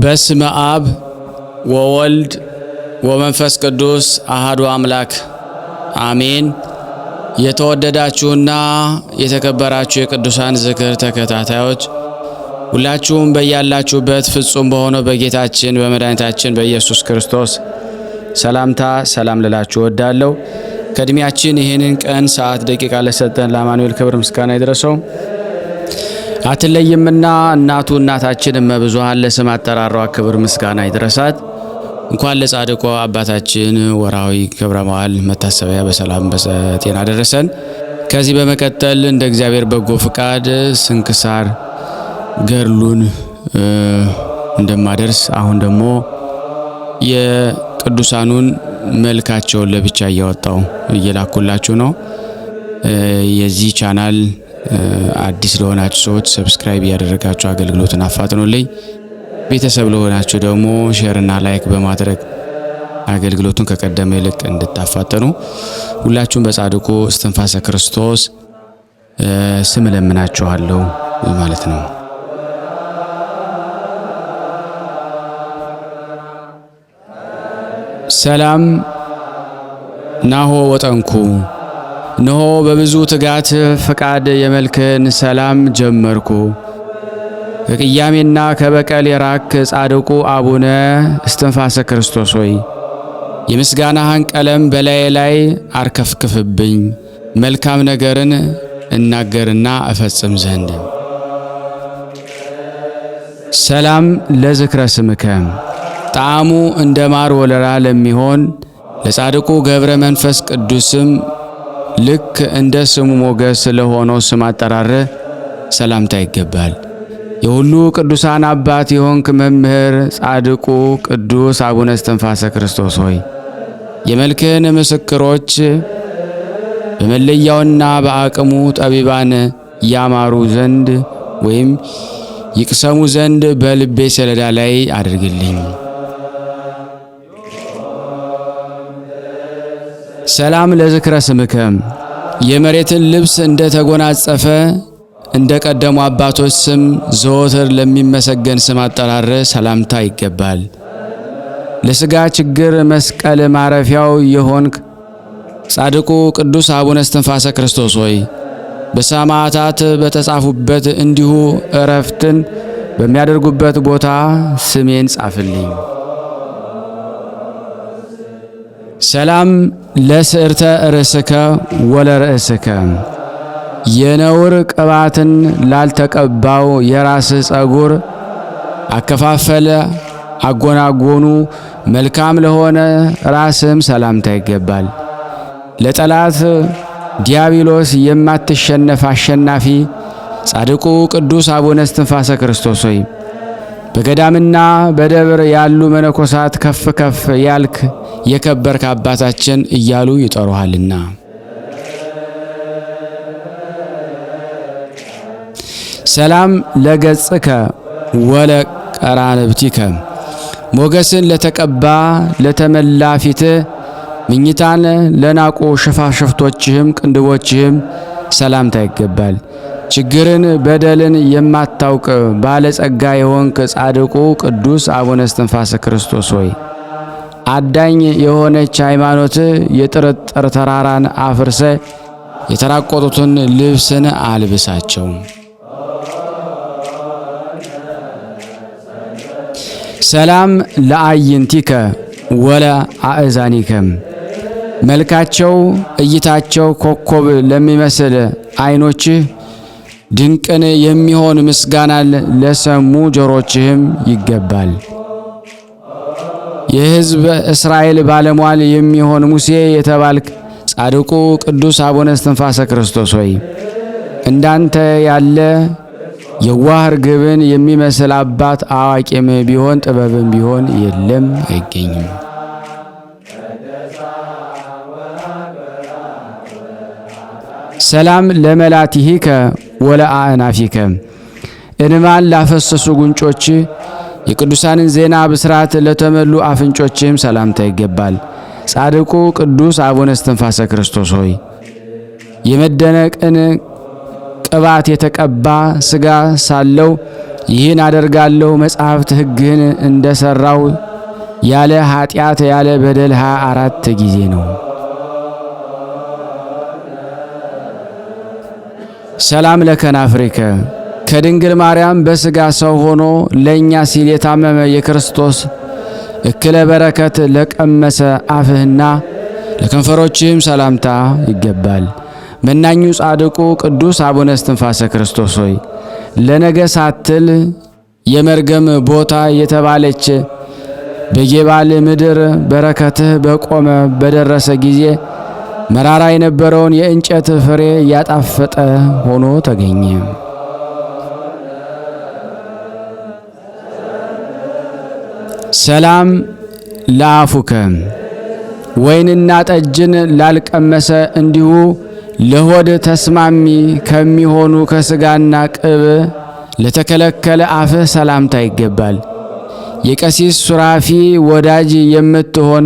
በስመ አብ ወወልድ ወመንፈስ ቅዱስ አሃዱ አምላክ አሜን። የተወደዳችሁና የተከበራችሁ የቅዱሳን ዝክር ተከታታዮች ሁላችሁም በያላችሁበት ፍጹም በሆነው በጌታችን በመድኃኒታችን በኢየሱስ ክርስቶስ ሰላምታ ሰላም ልላችሁ እወዳለሁ። ከእድሜያችን ይህንን ቀን፣ ሰዓት፣ ደቂቃ ለሰጠን ለአማኑኤል ክብር ምስጋና ይድረሰው። አትለይምና እናቱ እናታችን እመብዙኃን ለስም አጠራሯ ክብር ምስጋና ይድረሳት። እንኳን ለጻድቆ አባታችን ወራዊ ክብረ መዋል መታሰቢያ በሰላም በጤና ደረሰን። ከዚህ በመቀጠል እንደ እግዚአብሔር በጎ ፍቃድ ስንክሳር ገድሉን እንደማደርስ አሁን ደግሞ የቅዱሳኑን መልካቸውን ለብቻ እያወጣው እየላኩላችሁ ነው። የዚህ ቻናል አዲስ ለሆናችሁ ሰዎች ሰብስክራይብ እያደረጋችሁ አገልግሎትን አፋጥኖልኝ፣ ቤተሰብ ለሆናችሁ ደግሞ ሼርና ላይክ በማድረግ አገልግሎቱን ከቀደመ ይልቅ እንድታፋጠኑ ሁላችሁም በጻድቁ እስትንፋሰ ክርስቶስ ስም እለምናችኋለሁ ማለት ነው። ሰላም ናሆ ወጠንኩ እነሆ በብዙ ትጋት ፈቃድ የመልክን ሰላም ጀመርኩ። ከቅያሜና ከበቀል የራክ ጻድቁ አቡነ እስትንፋሰ ክርስቶስ ሆይ የምስጋናህን ቀለም በላይ ላይ አርከፍክፍብኝ መልካም ነገርን እናገርና እፈጽም ዘንድ። ሰላም ለዝክረ ስምከ ጣዕሙ እንደ ማር ወለራ ለሚሆን ለጻድቁ ገብረ መንፈስ ቅዱስም ልክ እንደ ስሙ ሞገስ ለሆነው ስም አጠራር ሰላምታ ይገባል። የሁሉ ቅዱሳን አባት የሆንክ መምህር ጻድቁ ቅዱስ አቡነ እስትንፋሰ ክርስቶስ ሆይ የመልክህን ምስክሮች በመለያውና በአቅሙ ጠቢባን ያማሩ ዘንድ ወይም ይቅሰሙ ዘንድ በልቤ ሰሌዳ ላይ አድርግልኝ። ሰላም ለዝክረ ስምከ የመሬትን ልብስ እንደ ተጎናጸፈ እንደ ቀደሙ አባቶች ስም ዘወትር ለሚመሰገን ስም አጠራር ሰላምታ ይገባል። ለሥጋ ችግር መስቀል ማረፊያው የሆንክ ጻድቁ ቅዱስ አቡነ እስትንፋሰ ክርስቶስ ሆይ በሰማዕታት በተጻፉበት እንዲሁ እረፍትን በሚያደርጉበት ቦታ ስሜን ጻፍልኝ። ሰላም ለስዕርተ ርእስከ ወለርእስከ የነውር ቅባትን ላልተቀባው የራስ ጸጉር አከፋፈለ አጎናጎኑ መልካም ለሆነ ራስም ሰላምታ ይገባል። ለጠላት ዲያብሎስ የማትሸነፍ አሸናፊ ጻድቁ ቅዱስ አቡነ እስትንፋሰ ክርስቶስ ሆይ በገዳምና በደብር ያሉ መነኮሳት ከፍ ከፍ ያልክ የከበርክ አባታችን እያሉ ይጠሩሃልና። ሰላም ለገጽከ ወለ ቀራንብቲከ ሞገስን ለተቀባ ለተመላ ፊትህ ምኝታን ለናቁ ሽፋሽፍቶችህም ቅንድቦችህም ሰላምታ ይገባል። ችግርን በደልን የማታውቅ ባለጸጋ የሆንክ ጻድቁ ቅዱስ አቡነ እስትንፋሰ ክርስቶስ ሆይ አዳኝ የሆነች ሃይማኖት የጥርጥር ተራራን አፍርሰ የተራቆጡትን ልብስን አልብሳቸው። ሰላም ለአይንቲከ ወለ አእዛኒከም መልካቸው እይታቸው ኮከብ ለሚመስል አይኖችህ ድንቅን የሚሆን ምስጋናል ለሰሙ ጆሮችህም ይገባል። የሕዝብ እስራኤል ባለሟል የሚሆን ሙሴ የተባልክ ጻድቁ ቅዱስ አቡነ እስትንፋሰ ክርስቶስ ሆይ እንዳንተ ያለ የዋህ ርግብን የሚመስል አባት አዋቂም ቢሆን ጥበብም ቢሆን የለም አይገኝም። ሰላም ለመላቲሂከ ወለአእናፊከ እንማን ላፈሰሱ ጉንጮች የቅዱሳንን ዜና ብስራት ለተመሉ አፍንጮችም ሰላምታ ይገባል። ጻድቁ ቅዱስ አቡነ እስትንፋሰ ክርስቶስ ሆይ የመደነቅን ቅባት የተቀባ ስጋ ሳለው ይህን አደርጋለሁ መጽሐፍት ሕግህን እንደሰራው ያለ ኀጢአት ያለ በደል 24 አራት ጊዜ ነው። ሰላም ለከናፍሪከ ከድንግል ማርያም በስጋ ሰው ሆኖ ለእኛ ሲል የታመመ የክርስቶስ እክለ በረከት ለቀመሰ አፍህና ለከንፈሮችህም ሰላምታ ይገባል። መናኙ ጻድቁ ቅዱስ አቡነ እስትንፋሰ ክርስቶስ ሆይ ለነገ ሳትል የመርገም ቦታ የተባለች በጌባል ምድር በረከትህ በቆመ በደረሰ ጊዜ መራራ የነበረውን የእንጨት ፍሬ እያጣፈጠ ሆኖ ተገኘ። ሰላም ለአፉከ ወይንና ጠጅን ላልቀመሰ እንዲሁ ለሆድ ተስማሚ ከሚሆኑ ከስጋና ቅብ ለተከለከለ አፍህ ሰላምታ ይገባል። የቀሲስ ሱራፊ ወዳጅ የምትሆን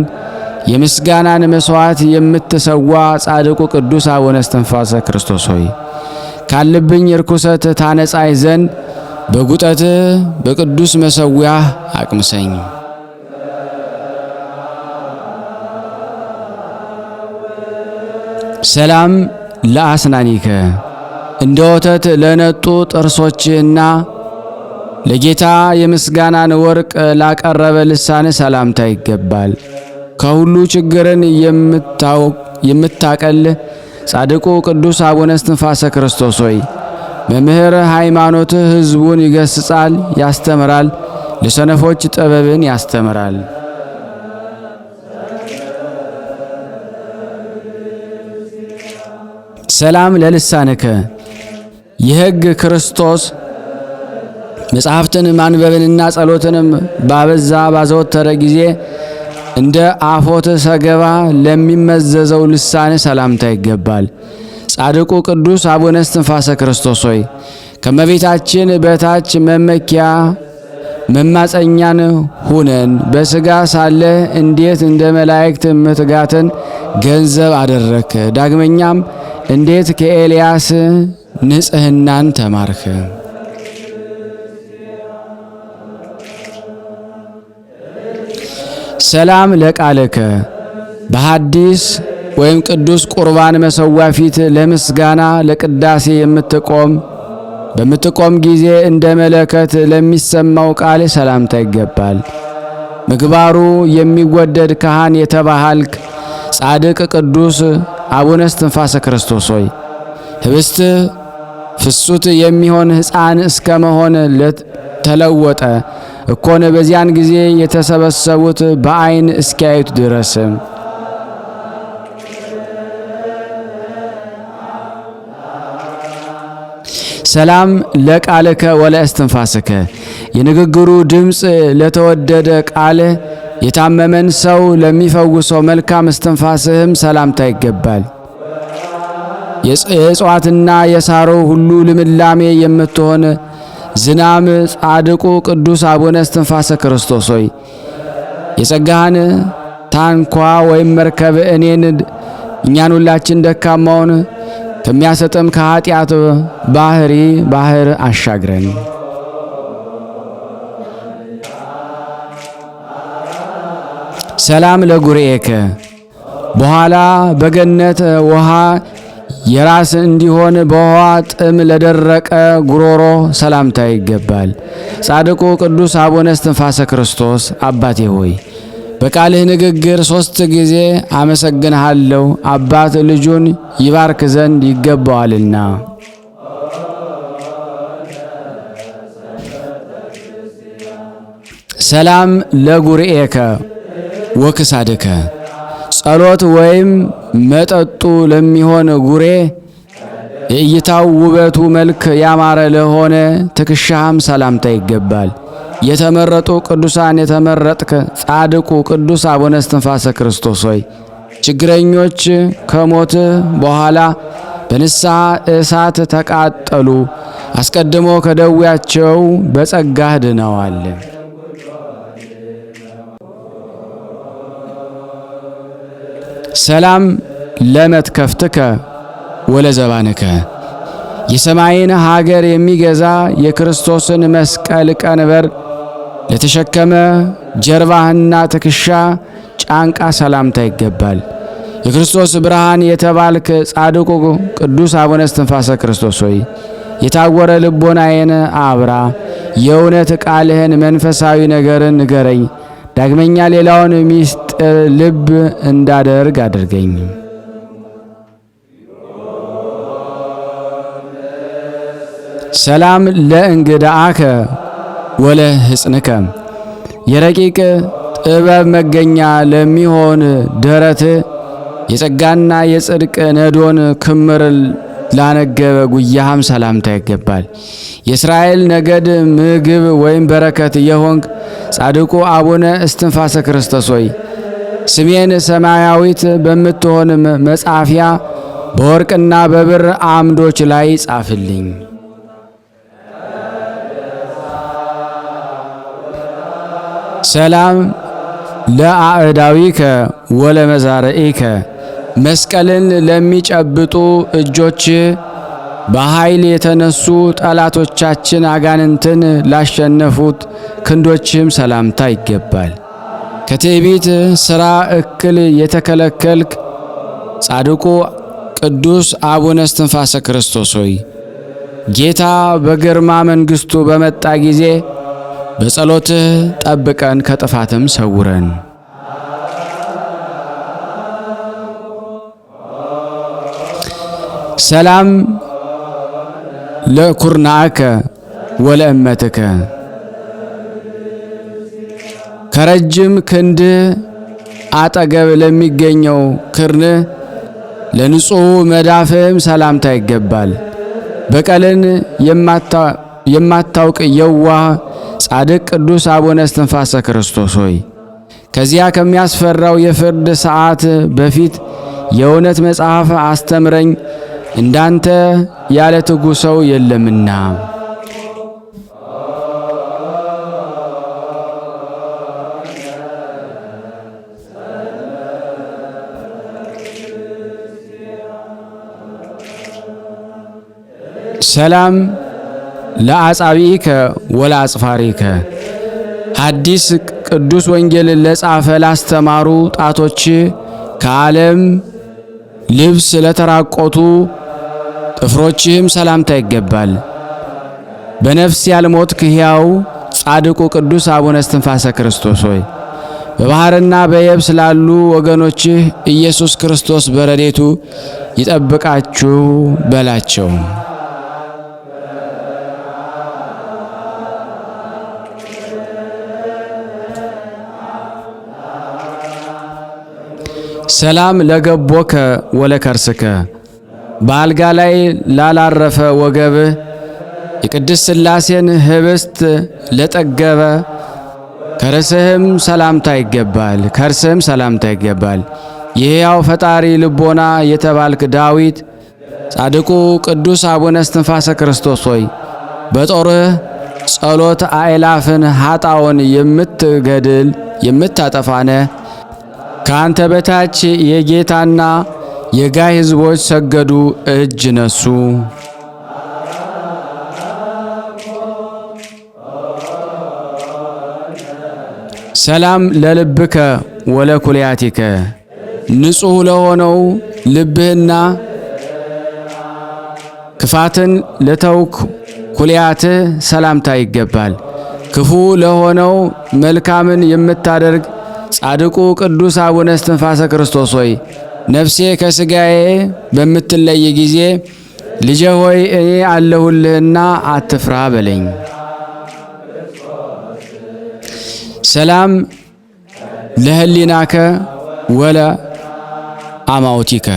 የምስጋናን መስዋዕት የምትሰዋ ጻድቁ ቅዱስ አቡነ እስትንፋሰ ክርስቶስ ሆይ ካለብኝ ርኩሰት ታነጻይ ዘንድ በጉጠት በቅዱስ መሠዊያ አቅምሰኝ። ሰላም ለአስናኒከ እንደ ወተት ለነጡ ጥርሶችና ለጌታ የምስጋናን ወርቅ ላቀረበ ልሳን ሰላምታ ይገባል። ከሁሉ ችግርን የምታቀል ጻድቁ ቅዱስ አቡነ እስትንፋሰ ክርስቶስ ሆይ በምህረ ሃይማኖትህ ሕዝቡን ይገስጻል፣ ያስተምራል፣ ለሰነፎች ጥበብን ያስተምራል። ሰላም ለልሳንከ የሕግ ክርስቶስ መጽሐፍትን ማንበብንና ጸሎትንም ባበዛ ባዘወተረ ጊዜ እንደ አፎተ ሰገባ ለሚመዘዘው ልሳን ሰላምታ ይገባል። ጻድቁ ቅዱስ አቡነ እስትንፋሰ ክርስቶስ ሆይ ከመቤታችን በታች መመኪያ መማፀኛን ሁነን በስጋ ሳለ እንዴት እንደ መላእክት ምትጋትን ገንዘብ አደረክ። ዳግመኛም እንዴት ከኤልያስ ንጽህናን ተማርክ። ሰላም ለቃልከ በሐዲስ ወይም ቅዱስ ቁርባን መሰዋ ፊት ለምስጋና ለቅዳሴ የምትቆም በምትቆም ጊዜ እንደ መለከት ለሚሰማው ቃል ሰላምታ ይገባል። ምግባሩ የሚወደድ ካህን የተባሃልክ ጻድቅ ቅዱስ አቡነ እስትንፋሰ ክርስቶስ ሆይ ህብስት ፍሱት የሚሆን ሕፃን እስከ መሆን ተለወጠ እኮን በዚያን ጊዜ የተሰበሰቡት በዐይን እስኪያዩት ድረስ ሰላም ለቃልከ ወለእስትንፋስከ የንግግሩ ድምፅ ለተወደደ ቃል የታመመን ሰው ለሚፈውሰው መልካም እስትንፋስህም ሰላምታ ይገባል። የእጽዋትና የሳሮ ሁሉ ልምላሜ የምትሆን ዝናም ጻድቁ ቅዱስ አቡነ እስትንፋሰ ክርስቶስ ሆይ የጸጋህን ታንኳ ወይም መርከብ እኔን እኛን ሁላችን ደካማውን ከሚያሰጥም ከኃጢአት ባህሪ ባህር አሻግረን ሰላም ለጉርኤከ በኋላ በገነት ውሃ የራስ እንዲሆን በውሃ ጥም ለደረቀ ጉሮሮ ሰላምታ ይገባል። ጻድቁ ቅዱስ አቡነ እስትንፋሰ ክርስቶስ አባቴ ሆይ በቃልህ ንግግር ሶስት ጊዜ አመሰግንሃለሁ፣ አባት ልጁን ይባርክ ዘንድ ይገባዋልና። ሰላም ለጉርኤከ ወክሳድከ ጸሎት ወይም መጠጡ ለሚሆን ጉሬ የእይታው ውበቱ መልክ ያማረ ለሆነ ትከሻህም ሰላምታ ይገባል። የተመረጡ ቅዱሳን የተመረጥክ ጻድቁ ቅዱስ አቡነ እስትንፋሰ ክርስቶስ ሆይ ችግረኞች ከሞት በኋላ በንስሐ እሳት ተቃጠሉ፣ አስቀድሞ ከደዌያቸው በጸጋህ ድነዋል። ሰላም ለመትከፍትከ ወለዘባንከ የሰማይን ሀገር የሚገዛ የክርስቶስን መስቀል ቀንበር ለተሸከመ ጀርባህና ትከሻ ጫንቃ ሰላምታ ይገባል። የክርስቶስ ብርሃን የተባልክ ጻድቁ ቅዱስ አቡነ እስትንፋሰ ክርስቶስ ሆይ የታወረ ልቦናዬን አብራ፣ የእውነት ቃልህን መንፈሳዊ ነገርን ንገረኝ። ዳግመኛ ሌላውን ሚስጥር ልብ እንዳደርግ አድርገኝ። ሰላም ለእንግዳ አከ ወለ ህጽንከ የረቂቅ ጥበብ መገኛ ለሚሆን ደረት የጸጋና የጽድቅ ነዶን ክምር ላነገበ ጉያህም ሰላምታ ይገባል። የእስራኤል ነገድ ምግብ ወይም በረከት የሆንክ ጻድቁ አቡነ እስትንፋሰ ክርስቶስ ሆይ ስሜን ሰማያዊት በምትሆን መጻፊያ በወርቅና በብር አምዶች ላይ ጻፍልኝ። ሰላም ለአዕዳዊከ ወለመዛርኢከ መስቀልን ለሚጨብጡ እጆች በኃይል የተነሱ ጠላቶቻችን አጋንንትን ላሸነፉት ክንዶችም ሰላምታ ይገባል። ከትዕቢት ሥራ እክል የተከለከልክ ጻድቁ ቅዱስ አቡነ እስትንፋሰ ክርስቶስ ሆይ ጌታ በግርማ መንግሥቱ በመጣ ጊዜ በጸሎትህ ጠብቀን ከጥፋትም ሰውረን። ሰላም ለኩርናከ ወለእመትከ ከረጅም ክንድ አጠገብ ለሚገኘው ክርን ለንጹሕ መዳፍም ሰላምታ ይገባል። በቀልን የማታውቅ የዋ ጻድቅ ቅዱስ አቡነ እስትንፋሰ ክርስቶስ ሆይ ከዚያ ከሚያስፈራው የፍርድ ሰዓት በፊት የእውነት መጽሐፍ አስተምረኝ፣ እንዳንተ ያለ ትጉ ሰው የለምና። ሰላም ለአጻቢከ ወላ አጽፋሪከ አዲስ ቅዱስ ወንጌልን ለጻፈ ላስተማሩ ጣቶች ከዓለም ልብስ ለተራቆቱ ጥፍሮችህም ሰላምታ ይገባል። በነፍስ ያልሞትክ ሕያው ጻድቁ ቅዱስ አቡነ እስትንፋሰ ክርስቶስ ሆይ በባሕርና በየብስ ላሉ ወገኖችህ ኢየሱስ ክርስቶስ በረዴቱ ይጠብቃችሁ በላቸው። ሰላም ለገቦከ ወለከርስከ በአልጋ ላይ ላላረፈ ወገብህ የቅድስት ሥላሴን ህብስት ለጠገበ ከርስህም ሰላምታ ይገባል። ከርስህም ሰላምታ ይገባል። የሕያው ፈጣሪ ልቦና የተባልክ ዳዊት ጻድቁ ቅዱስ አቡነ እስትንፋሰ ክርስቶስ ሆይ በጦርህ ጸሎት አእላፍን ኃጣውን የምትገድል የምታጠፋነ ከአንተ በታች የጌታና የጋይ ሕዝቦች ሰገዱ፣ እጅ ነሱ። ሰላም ለልብከ ወለኩልያቲከ ንጹሕ ለሆነው ልብህና ክፋትን ለተውክ ኩልያትህ ሰላምታ ይገባል። ክፉ ለሆነው መልካምን የምታደርግ ጻድቁ ቅዱስ አቡነ እስትንፋሰ ክርስቶስ ሆይ ነፍሴ ከስጋዬ በምትለይ ጊዜ ልጄ ሆይ እኔ አለሁልህና አትፍራ በለኝ። ሰላም ለህሊናከ ወለ አማውቲከ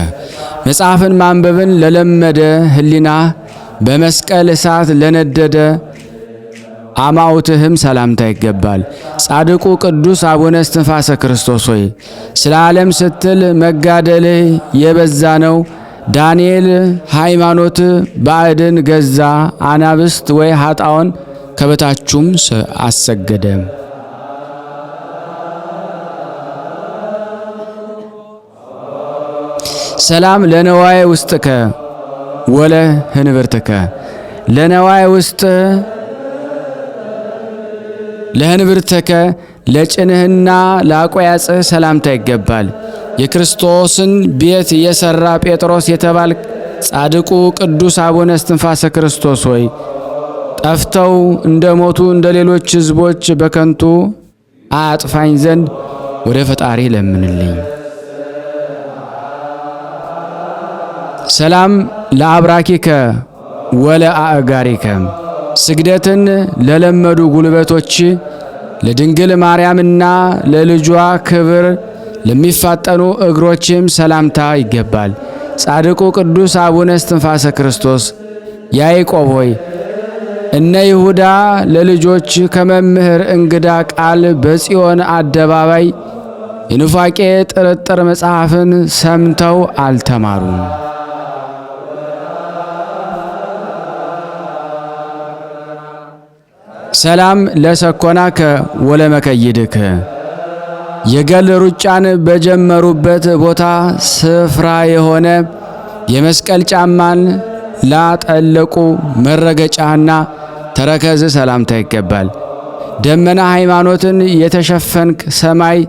መጽሐፍን ማንበብን ለለመደ ህሊና በመስቀል እሳት ለነደደ አማውትህም ሰላምታ ይገባል። ጻድቁ ቅዱስ አቡነ እስትንፋሰ ክርስቶስ ሆይ ስለ ዓለም ስትል መጋደልህ የበዛ ነው። ዳንኤል ሃይማኖት ባዕድን ገዛ፣ አናብስት ወይ ሀጣውን ከበታቹም አሰገደ። ሰላም ለነዋይ ውስጥከ ወለ ህንብርትከ ለነዋይ ውስጥ ለህንብርተከ ለጭንህና ለአቆያጽህ ሰላምታ ይገባል። የክርስቶስን ቤት የሠራ ጴጥሮስ የተባል ጻድቁ ቅዱስ አቡነ እስትንፋሰ ክርስቶስ ሆይ ጠፍተው እንደ ሞቱ እንደ ሌሎች ሕዝቦች በከንቱ አጥፋኝ ዘንድ ወደ ፈጣሪ ለምንልኝ። ሰላም ለአብራኪከ ወለ አእጋሪከ ስግደትን ለለመዱ ጉልበቶች ለድንግል ማርያምና ለልጇ ክብር ለሚፋጠኑ እግሮችም ሰላምታ ይገባል። ጻድቁ ቅዱስ አቡነ እስትንፋሰ ክርስቶስ ያዕቆብ ሆይ እነ ይሁዳ ለልጆች ከመምህር እንግዳ ቃል በጽዮን አደባባይ የኑፋቄ ጥርጥር መጽሐፍን ሰምተው አልተማሩም። ሰላም ለሰኮናከ ወለመከይድክ የገል ሩጫን በጀመሩበት ቦታ ስፍራ የሆነ የመስቀል ጫማን ላጠለቁ መረገጫና ተረከዝ ሰላምታ ይገባል። ደመና ሃይማኖትን የተሸፈንክ ሰማይ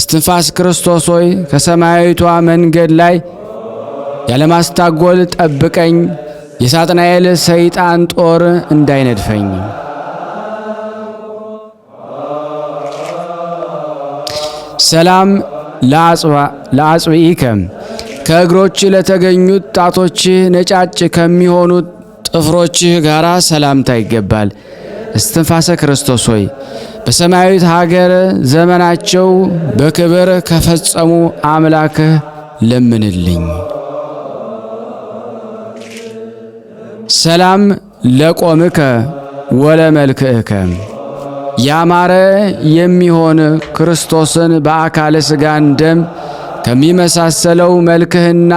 እስትንፋስ ክርስቶስ ሆይ ከሰማያዊቷ መንገድ ላይ ያለማስታጎል ጠብቀኝ፣ የሳጥናኤል ሰይጣን ጦር እንዳይነድፈኝ። ሰላም ለአጽብኢከ ከእግሮች ለተገኙት ጣቶችህ ነጫጭ ከሚሆኑት ጥፍሮችህ ጋር ሰላምታ ይገባል። እስትንፋሰ ክርስቶስ ሆይ በሰማያዊት ሀገር ዘመናቸው በክብር ከፈጸሙ አምላክህ ለምንልኝ። ሰላም ለቆምከ ወለመልክእከ ያማረ የሚሆን ክርስቶስን በአካለ ሥጋን ደም ከሚመሳሰለው መልክህና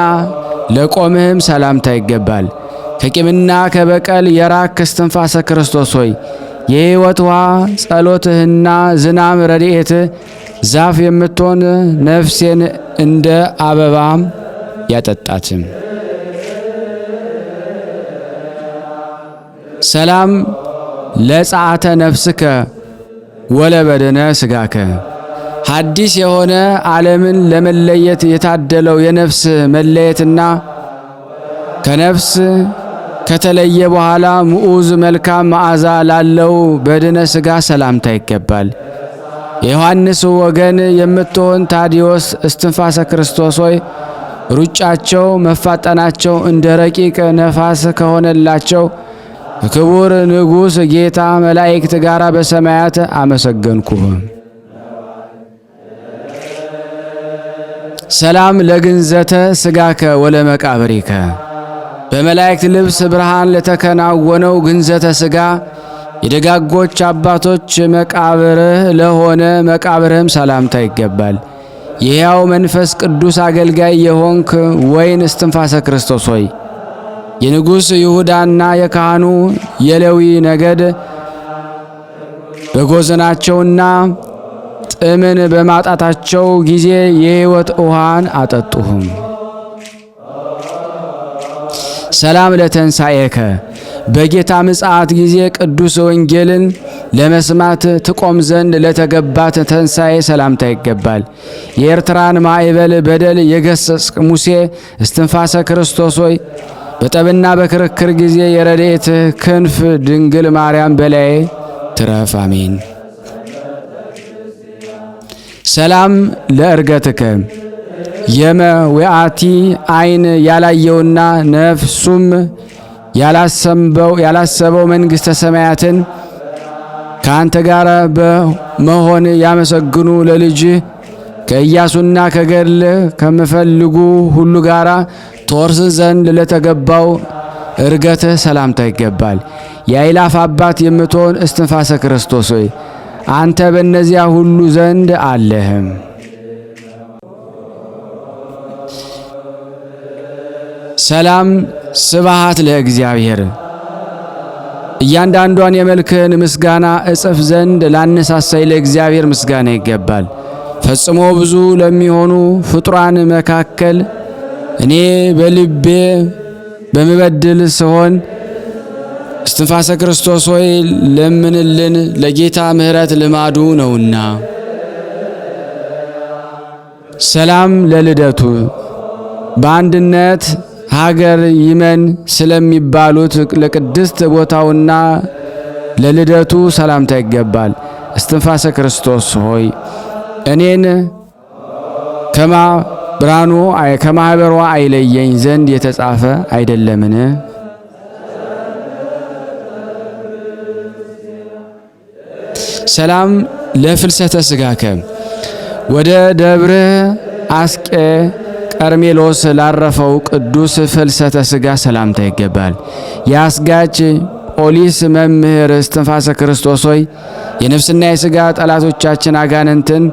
ለቆምህም ሰላምታ ይገባል። ከቂምና ከበቀል የራክ እስትንፋሰ ክርስቶስ ሆይ የሕይወት ውሃ ጸሎትህና ዝናም ረድኤት ዛፍ የምትሆን ነፍሴን እንደ አበባም ያጠጣትም። ሰላም ለጸአተ ነፍስከ ወለበደነ ስጋከ ሐዲስ የሆነ ዓለምን ለመለየት የታደለው የነፍስ መለየትና ከነፍስ ከተለየ በኋላ ምዑዝ መልካም መዓዛ ላለው በድነ ሥጋ ሰላምታ ይገባል። የዮሐንስ ወገን የምትሆን ታዲዮስ እስትንፋሰ ክርስቶስ ሆይ ሩጫቸው መፋጠናቸው እንደ ረቂቅ ነፋስ ከሆነላቸው ክቡር ንጉሥ ጌታ መላእክት ጋር በሰማያት አመሰገንኩ። ሰላም ለግንዘተ ሥጋከ ወለመቃብሪከ በመላእክት ልብስ ብርሃን ለተከናወነው ግንዘተ ስጋ የደጋጎች አባቶች መቃብርህ ለሆነ መቃብርህም ሰላምታ ይገባል። የሕያው መንፈስ ቅዱስ አገልጋይ የሆንክ ወይን እስትንፋሰ ክርስቶስ ሆይ የንጉሥ ይሁዳና የካህኑ የሌዊ ነገድ በጎዘናቸውና ጥምን በማጣታቸው ጊዜ የሕይወት ውሃን አጠጡሁም። ሰላም ለተንሣኤከ በጌታ ምጽአት ጊዜ ቅዱስ ወንጌልን ለመስማት ትቆም ዘንድ ለተገባት ተንሣኤ ሰላምታ ይገባል። የኤርትራን ማዕበል በደል የገሰጽ ሙሴ እስትንፋሰ ክርስቶስ ሆይ በጠብና በክርክር ጊዜ የረድኤትህ ክንፍ ድንግል ማርያም በላዬ ትረፍ። አሜን። ሰላም ለእርገትከ የመዊአቲ አይን ያላየውና ነፍሱም ያላሰበው መንግሥተ ሰማያትን ከአንተ ጋር በመሆን ያመሰግኑ ለልጅህ ከኢያሱና ከገድል ከሚፈልጉ ሁሉ ጋር ትወርስ ዘንድ ለተገባው እርገትህ ሰላምታ ይገባል። የአይላፍ አባት የምትሆን እስትንፋሰ ክርስቶስ ሆይ አንተ በእነዚያ ሁሉ ዘንድ አለህም። ሰላም ስብሃት ለእግዚአብሔር። እያንዳንዷን የመልክህን ምስጋና እጽፍ ዘንድ ላነሳሳይ ለእግዚአብሔር ምስጋና ይገባል። ፈጽሞ ብዙ ለሚሆኑ ፍጡራን መካከል እኔ በልቤ በምበድል ስሆን እስትንፋሰ ክርስቶስ ሆይ ለምንልን፣ ለጌታ ምሕረት ልማዱ ነውና። ሰላም ለልደቱ በአንድነት ሀገር ይመን ስለሚባሉት ለቅድስት ቦታውና ለልደቱ ሰላምታ ይገባል። እስትንፋሰ ክርስቶስ ሆይ እኔን ከማ ብርሃኑ ከማኅበሯ አይለየኝ ዘንድ የተጻፈ አይደለምን? ሰላም ለፍልሰተ ስጋከ ወደ ደብረ አስቄ ቀርሜሎስ ላረፈው ቅዱስ ፍልሰተ ስጋ ሰላምታ ይገባል። የአስጋጅ ፖሊስ መምህር እስትንፋሰ ክርስቶስ ሆይ የነፍስና የስጋ ጠላቶቻችን አጋንንትን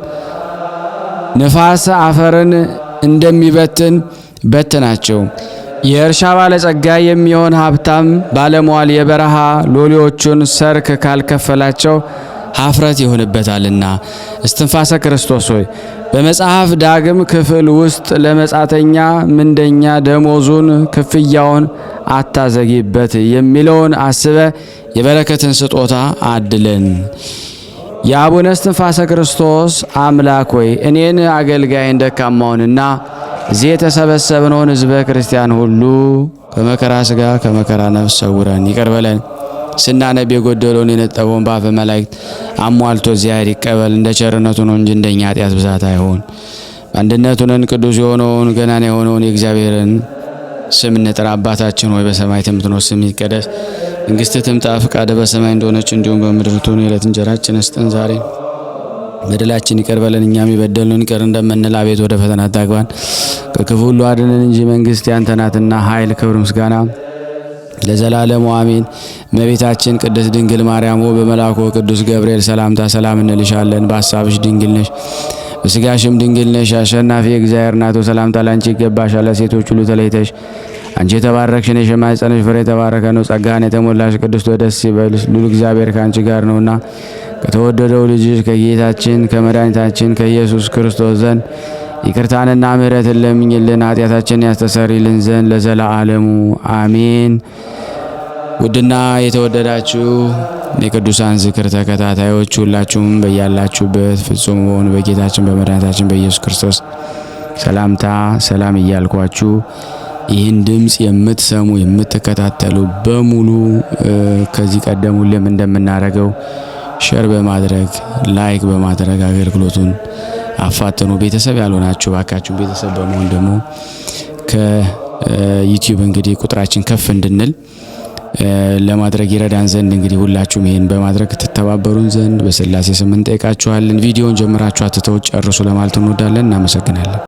ንፋስ አፈርን እንደሚበትን በትናቸው። የእርሻ ባለጸጋ የሚሆን ሀብታም ባለሟል የበረሃ ሎሌዎቹን ሰርክ ካልከፈላቸው ሀፍረት ይሆንበታልና። እስትንፋሰ ክርስቶስ ሆይ በመጽሐፍ ዳግም ክፍል ውስጥ ለመጻተኛ ምንደኛ ደሞዙን ክፍያውን አታዘጊበት የሚለውን አስበ የበረከትን ስጦታ አድለን። የአቡነ እስትንፋሰ ክርስቶስ አምላክ ሆይ እኔን አገልጋይን ደካማውንና እዚህ የተሰበሰብነውን ሕዝበ ክርስቲያን ሁሉ ከመከራ ሥጋ ከመከራ ነፍስ ሰውረን ይቅር በለን። ስናነብ የጎደለውን የነጠበውን በአፈ መላእክት አሟልቶ እግዚአብሔር ይቀበል። እንደ ቸርነቱ ነው እንጂ እንደኛ ኃጢአት ብዛት አይሆን። አንድነቱንን ቅዱስ የሆነውን ገናና የሆነውን የእግዚአብሔርን ስም እንጥራ። አባታችን ሆይ በሰማይ የምትኖር ስም ይቀደስ መንግስት ትምጣ ፍቃደ በሰማይ እንደሆነች እንዲሁም በምድር ትሁን። የዕለት እንጀራችን ስጠን ዛሬ፣ በደላችን ይቅር በለን እኛም የበደልነውን ይቅር እንደምንል። አቤት ወደ ፈተና አታግባን፣ ከክፉ ሁሉ አድነን እንጂ መንግስት ያንተ ናትና ኃይል፣ ክብር፣ ምስጋና ለዘላለሙ አሜን። እመቤታችን ቅድስት ድንግል ማርያም ሆይ በመልአኩ ቅዱስ ገብርኤል ሰላምታ ሰላም እንልሻለን። በሀሳብሽ ድንግል ነሽ በስጋሽም ድንግል ነሽ። አሸናፊ እግዚአብሔር ናቶ ሰላምታ ላንቺ ይገባሻል። ሴቶች ሁሉ ተለይተሽ አንቺ የተባረክሽ ነሽ፣ የማኅፀንሽ ፍሬ የተባረከ ነው። ጸጋን የተሞላሽ ቅድስት ሆይ ደስ ይበልሽ፣ ልዑል እግዚአብሔር ከአንቺ ጋር ነውና ከተወደደው ልጅሽ ከጌታችን ከመድኃኒታችን ከኢየሱስ ክርስቶስ ዘንድ ይቅርታንና ምሕረትን ለምኝልን፣ ኃጢአታችንን ያስተሰሪልን ዘንድ ለዘላለሙ አሜን። ውድና የተወደዳችሁ የቅዱሳን ዝክር ተከታታዮች ሁላችሁም በያላችሁበት ፍጹም በሆኑ በጌታችን በመድኃኒታችን በኢየሱስ ክርስቶስ ሰላምታ ሰላም እያልኳችሁ ይህን ድምፅ የምትሰሙ የምትከታተሉ በሙሉ ከዚህ ቀደም ሁሌም እንደምናደርገው ሸር በማድረግ ላይክ በማድረግ አገልግሎቱን አፋጥኑ። ቤተሰብ ያልሆናችሁ ባካችሁ ቤተሰብ በመሆን ደግሞ ከዩቲዩብ እንግዲህ ቁጥራችን ከፍ እንድንል ለማድረግ ይረዳን ዘንድ እንግዲህ ሁላችሁም ይህን በማድረግ ትተባበሩን ዘንድ በስላሴ ስም እንጠይቃችኋለን። ቪዲዮን ጀምራችሁ አትተውት ጨርሱ ለማለት እንወዳለን። እናመሰግናለን።